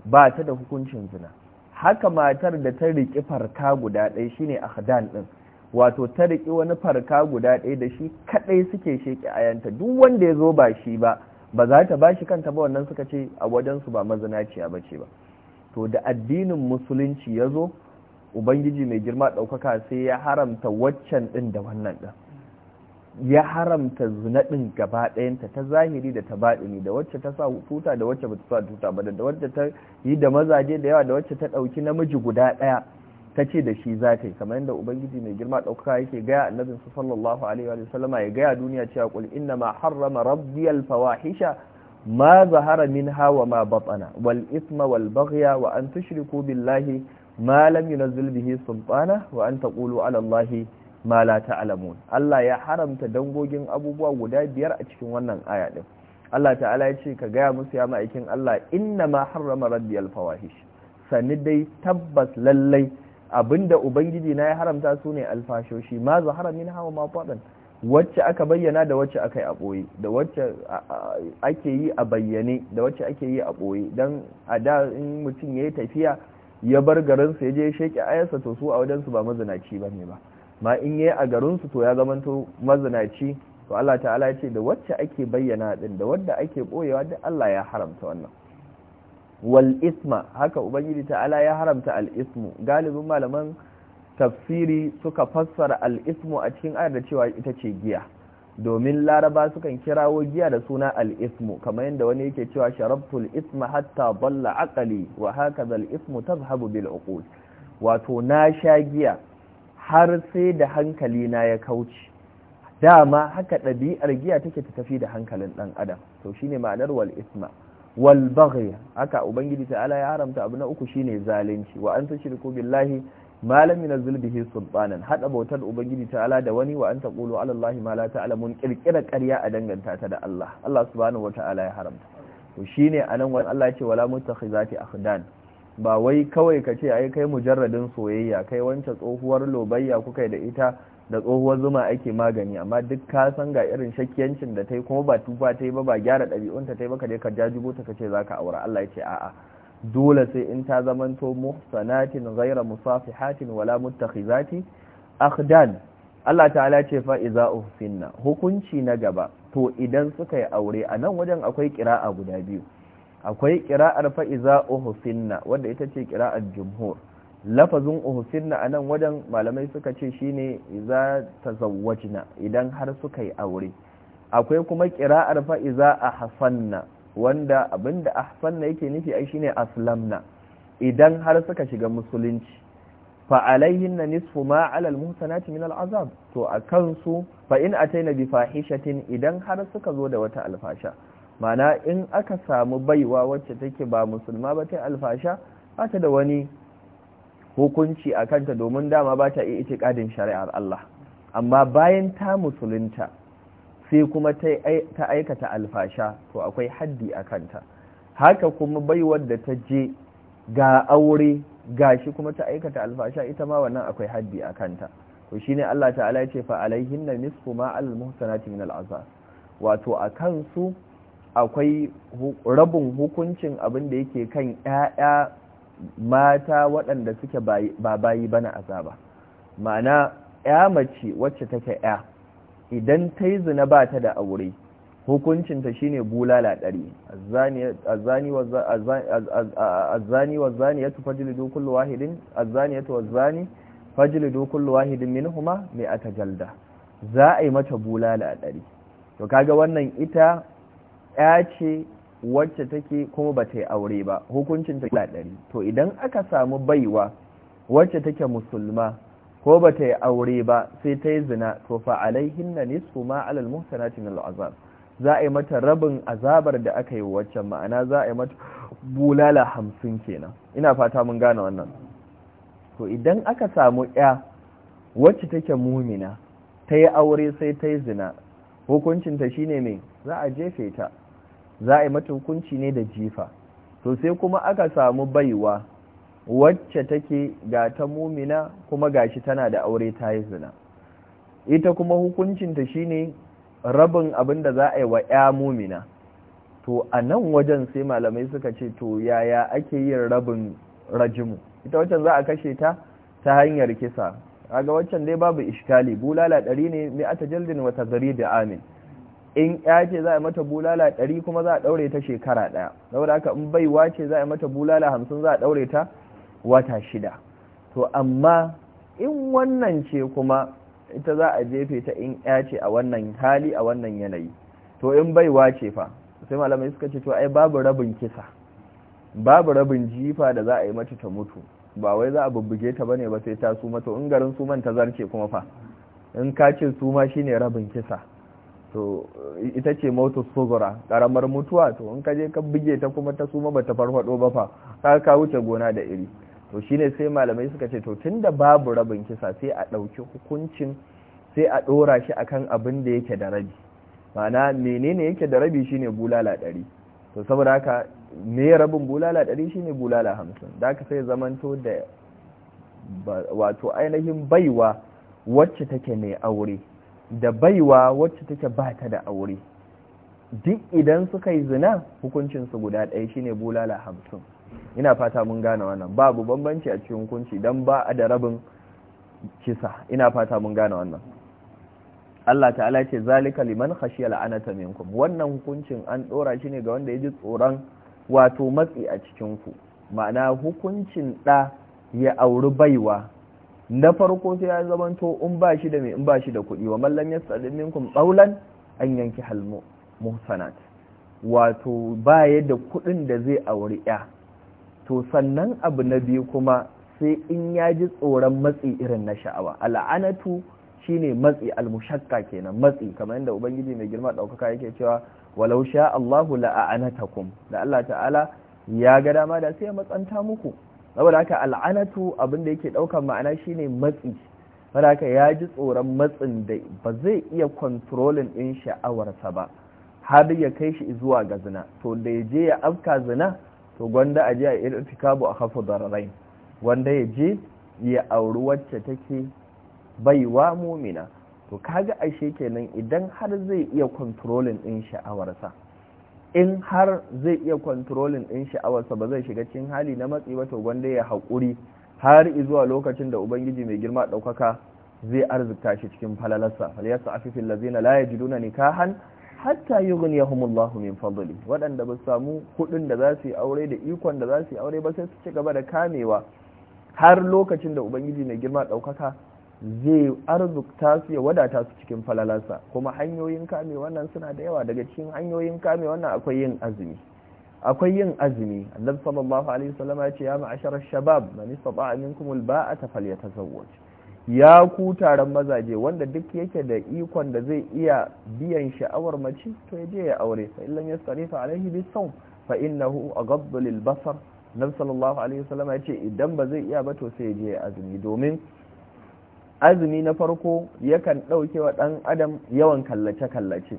ba ta da hukuncin zina haka matar da ta riki farka guda ɗaya shine ahdan ɗin wato ta riƙi wani farka guda ɗaya da shi kaɗai suke sheki yanta duk wanda ya zo ba shi ba ba za ta ba shi kanta ba wannan suka ce a wajensu su ba mazinaciya ce ba to da addinin musulunci ya zo ubangiji mai girma ɗaukaka sai ya haramta waccan ɗin da wannan ɗin ya haramta zunaɗin gaba ɗayanta ta zahiri da ta baɗini da wacce ta sa tuta da wacce ba ta sa tuta ba da wacce ta yi da mazaje da yawa da wacce ta ɗauki namiji guda ɗaya ta ce da shi za ta yi kamar yadda ubangiji mai girma ɗauka yake gaya annabin su sallallahu alaihi wa sallam ya gaya duniya cewa kul inna ma harrama rabbi al fawahisha ma zahara minha wa ma batana wal isma wal baghya wa an tushriku billahi ma lam yunzil bihi sultana wa an taqulu ala allahi ma la ta'lamun Allah ya haramta dangogin abubuwa guda biyar a cikin wannan aya din Allah ta'ala ya ce ka gaya musu ya ma'aikin Allah inna ma harrama rabbi al-fawahish sani dai tabbas lallai abinda ubangiji na ya haramta su ne alfashoshi ma zahara haramin hawa ma fadan wacce aka bayyana da wacce aka yi a ɓoye da wacce ake yi a bayyane da wacce ake yi a boye dan a da in mutum ya yi tafiya ya bar sa ya je ya sheƙi ayarsa to su a wajensu ba mazinaci ba ne ba ma in yi a garinsu to ya zamanto mazinaci to Allah ta'ala ya ce da wacce ake bayyana din da wadda ake boyewa duk Allah ya haramta wannan wal isma haka ubangiji ta'ala ya haramta al ismu galibin malaman tafsiri suka fassara al ismu a cikin ayar da cewa ita ce giya domin laraba sukan kirawo giya da suna al ismu kamar yadda wani yake cewa sharabtul isma hatta dalla aqli wa hakaza al ismu tazhabu bil uqul wato na sha giya har sai da hankali na ya kauce dama haka ɗabi'ar giya take ta tafi da hankalin ɗan adam to shine ma'anar wal isma wal baghy haka ubangiji ala ya haramta abu na uku shine zalunci wa an tushriku billahi ma lam yunzil bihi sultanan hada bautar ubangiji ta'ala da wani wa an taqulu ala allahi ma la ta'lamun kirkira ƙarya a danganta ta da Allah Allah subhanahu wa ta'ala ya haramta to shine anan wa Allah ya ce wala mutakhizati akhdan ba wai kawai ka ce ai kai mujarradin soyayya kai wancan tsohuwar lobayya kuka da ita da tsohuwar zuma ake magani amma duk ka san ga irin shakkiyancin da ta kuma ba tufa ta yi ba ba gyara ɗabi'unta ta yi ba ka je ka jajibo ta kace zaka aura Allah ya ce a'a dole sai in ta zamanto muhsanatin ghaira musafihatin wala muttakhizati akhdan Allah ta'ala ce fa iza uhsinna hukunci na gaba to idan suka yi aure anan wajen akwai kira'a guda biyu akwai ƙira'ar fa'iza uhusinna Wanda ita ce ƙira'ar jumhur lafazin uhusinna a nan wajen malamai suka ce shine iza ta zawajina idan har suka yi aure akwai kuma ƙira'ar fa'iza a hasanna wanda abinda a hasanna yake nufi ai shine aslamna idan har suka shiga musulunci fa'alaihin na nisfu ma'alal muhsanati min al'azab to a kansu fa'in a bi fahishatin idan har suka zo da wata alfasha mana in aka samu baiwa wacce take ba musulma ba ta alfasha ba ta da wani hukunci a kanta domin dama ba ta iya itikadin shari'ar Allah amma bayan ta musulunta sai kuma ta aikata alfasha to akwai haddi a kanta haka kuma baiwar da ta je ga aure ga shi kuma ta aikata alfasha ita ma wannan akwai haddi a kanta to shine Allah ta'ala ya ce fa alaihinna nisfu ma al muhsanati min al azab wato a kansu. akwai rabin hukuncin abin da yake kan ‘ya'ya mata waɗanda suke ba bayi bana azaba ma'ana ‘ya mace wacce take ‘ya idan ta yi zina ba ta da aure hukuncinta shine bulala ɗari azzani wa zani ya tufa jilidu kullu wahidin azzani ya tuwa zani fajilidu kullu wahidin min huma mai ata jalda za a yi mata bulala ɗari to kaga wannan ita ya ce wacce take kuma ba ta yi aure ba hukuncin ta ɗari to idan aka samu baiwa wacce take musulma ko ba ta yi aure ba sai ta yi zina to fa alaihin na nisu ma alal muhsanatin al'azab za a yi mata rabin azabar da aka yi wacce ma'ana za a yi mata bulala hamsin kenan ina fata mun gane wannan to idan aka samu ya wacce take mumina ta yi aure sai ta yi zina hukuncinta shine mai za a jefe ta za a yi mata hukunci ne da jifa to sai kuma aka samu baiwa wacce take ga ta mumina kuma gashi tana da aure ta yi zina ita kuma hukuncinta shine rabin abin da za a yi wa ya mumina to a nan wajen sai malamai suka ce to yaya ake yin rabin rajimu ita wacce za a kashe ta ta hanyar kisa A ga waccan dai babu Ishkali, bulala ɗari ne mai ata wata zari da amin in ya ce za a mata bulala ɗari kuma za a ɗaure ta shekara ɗaya saboda haka in baiwa ce za a mata bulala hamsin za a ɗaure ta wata shida to amma in wannan ce kuma ita za a jefe ta in ya ce a wannan hali a wannan yanayi to in baiwa ce fa sai malamai suka ce to ai babu rabin kisa babu rabin jifa da za a yi mata ta mutu ba wai za a bubbuge ta bane ba sai ta suma to in garin suman ta zarce kuma fa in ka ce suma shine rabin kisa to ita ce mota sugura karamar mutuwa to in ka je ka buge ta kuma ta suma bata farfado ba fa ka ka wuce gona da iri to shine sai malamai suka ce to tunda babu rabin kisa sai a ɗauki hukuncin sai a dora shi akan abin da yake da rabi ma'ana menene yake da rabi shine bulala ɗari to saboda haka me rabin bulala ɗari shine bulala hamsin da haka sai zamanto da wato ainihin baiwa wacce take mai aure da baiwa wacce take ba ta da aure duk idan suka yi zina hukuncinsu guda ɗaya shine bulala hamsin ina fata mun gane wannan babu bambanci a cikin hukunci don ba a da rabin kisa ina fata mun gane wannan Allah ta'ala ce zalika liman khashiya la'anata minkum wannan hukuncin an dora shi ne ga wanda ya ji tsoron wato matsi a cikin ku ma'ana hukuncin da ya auri baiwa na farko sai ya zamanto in ba shi da mai in ba shi da kuɗi wa mallan ya tsadin minkum tsaulan an yanki halmu muhsanat wato ba ya da kuɗin da zai auri ya to sannan abu na biyu kuma sai in ya ji tsoron matsi irin na sha'awa al'anatu shine matsi almushakka kenan matsi kamar yadda ubangiji mai girma ɗaukaka yake cewa walau sha Allahu la'anatakum da Allah ta'ala ya ga dama da sai ya matsanta muku saboda haka al'anatu abinda yake ɗaukar ma'ana shine matsi saboda haka ya ji tsoron matsin da ba zai iya kontrolin ɗin sha'awarsa ba har ya kai shi zuwa ga zina to da ya je ya afka zina to gwanda a je a irtikabu a kafa dararai wanda ya je ya auri wacce take baiwa mumina to kaga ashe kenan idan har zai iya kontrolin din sha'awarsa in har zai iya kontrolin ɗin sha'awarsa ba zai shiga cikin hali na matsi ba to gwanda ya haƙuri har zuwa lokacin da ubangiji mai girma ɗaukaka zai arzikta shi cikin falalarsa falyasa afifin lazina la ni nikahan hatta yughniyahumullahu min fadli waɗanda ba samu kuɗin da za su yi aure da ikon da za su yi aure ba sai su ci gaba da kamewa har lokacin da ubangiji mai girma ɗaukaka zai arzukta su ya wadata su cikin falalarsa kuma hanyoyin kame wannan suna da yawa daga cikin hanyoyin kame wannan akwai yin azumi akwai yin azumi annabi sallallahu alaihi wasallam ya ce ya ma'ashar shabab man istata'a minkum alba'ata falyatazawwaj ya ku taron mazaje wanda duk yake da ikon da zai iya biyan sha'awar mace to ya je ya aure fa illam yastarifa alaihi bisawm fa innahu aghaddu lilbasar annabi sallallahu alaihi wasallam ya ce idan ba zai iya ba to sai ya je ya azumi domin azumi na farko yakan ɗauke wa ɗan adam yawan kallace-kallace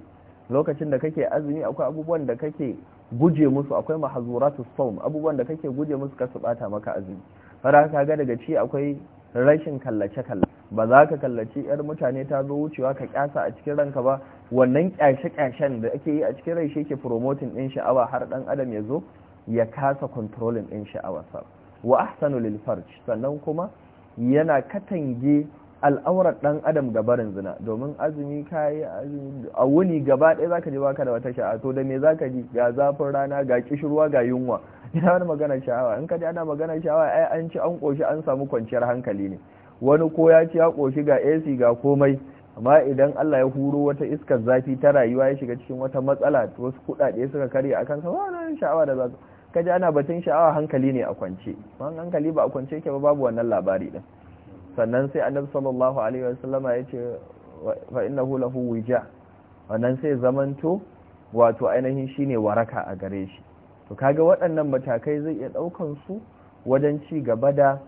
lokacin da kake azumi akwai abubuwan da kake guje musu akwai mahazuratu saum abubuwan da kake guje musu ka su bata maka azumi fara ka daga ci akwai rashin kallace-kallace ba za ka kallaci yar mutane ta zo wucewa ka kyasa a cikin ranka ba wannan kyashe-kyashen da ake yi a cikin rai shi ke promoting din sha'awa har ɗan adam ya zo ya kasa controlling din sa wa ahsanu lil farj sannan kuma yana katange al'aurar dan adam ga barin zina domin azumi kayi a wuni gaba ɗaya zaka ji baka da wata sha'a to da me zaka ji ga zafin rana ga kishirwa ga yunwa ina wani magana sha'awa in ka ji ana magana sha'awa ai an ci an koshi an samu kwanciyar hankali ne wani ko ya ci ya koshi ga AC ga komai amma idan Allah ya huro wata iskar zafi ta rayuwa ya shiga cikin wata matsala to wasu kuɗaɗe suka karya akan sa wannan sha'awa da zaka ji ana batun sha'awa hankali ne a kwance hankali ba a kwance ke ba babu wannan labari din sannan sai annabi sallallahu alaihi wasallama ya ce fa innahu lahu wija wannan sai zamanto wato ainihin shine waraka a gare shi to kaga waɗannan matakai zai iya ɗaukan su wajen ci gaba da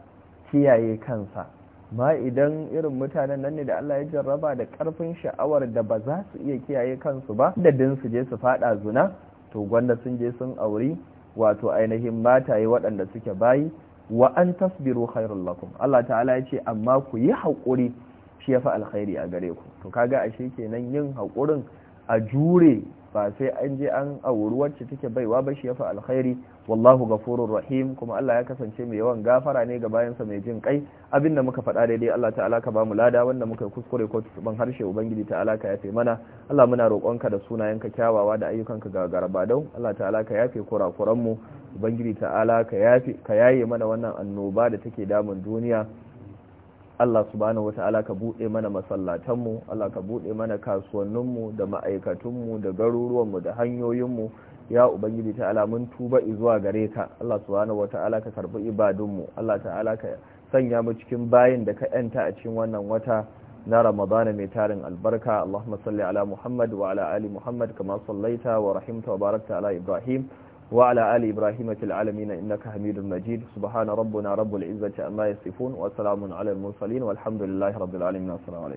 kiyaye kansa ma idan irin mutanen nan ne da Allah ya jarraba da ƙarfin sha'awar da ba za su iya kiyaye kansu ba da din su je su faɗa zuna, to gwanda sun je sun auri wato ainihin yi waɗanda suke bayi wa an tasbiru khairul lakum Allah ta'ala ya ce amma ku yi haƙuri shi yafi alkhairi a gare ku to kaga ashe kenan yin haƙurin a jure ba sai an je an auri wacce take baiwa ba shi ya fa alkhairi wallahu ghafurur rahim kuma Allah ya kasance mai yawan gafara ne ga bayansa mai jin kai abinda muka faɗa daidai Allah ta'ala ka ba mu lada wanda muka kuskure ko ban harshe ubangiji ta'ala ka yafe mana Allah muna roƙonka da sunayenka kyawawa da ayyukanka ga garbadau Allah ta'ala ka yafe kurakuran mu ubangiji ta'ala ka yafe ka yaye mana wannan annoba da take damun duniya Allah subhanahu wata ka buɗe mana masallatanmu Allah ka buɗe mana kasuwanninmu da ma'aikatunmu da garuruwanmu da hanyoyinmu ya ubangiji ta'ala mun tuba zuwa gare ka Allah subhanahu wata ka karbi ibadunmu Allah ta'ala ka sanya mu cikin bayan da ka yanta a cikin wannan wata na Ramadana mai tarin albarka Allahumma salli ala Muhammad wa ala ali Muhammad kama wa rahimta wa barakta ala Ibrahim وعلى آل إبراهيم العالمين إنك حميد مجيد سبحان ربنا رب العزة أما يصفون وسلام على المرسلين والحمد لله رب العالمين السلام عليكم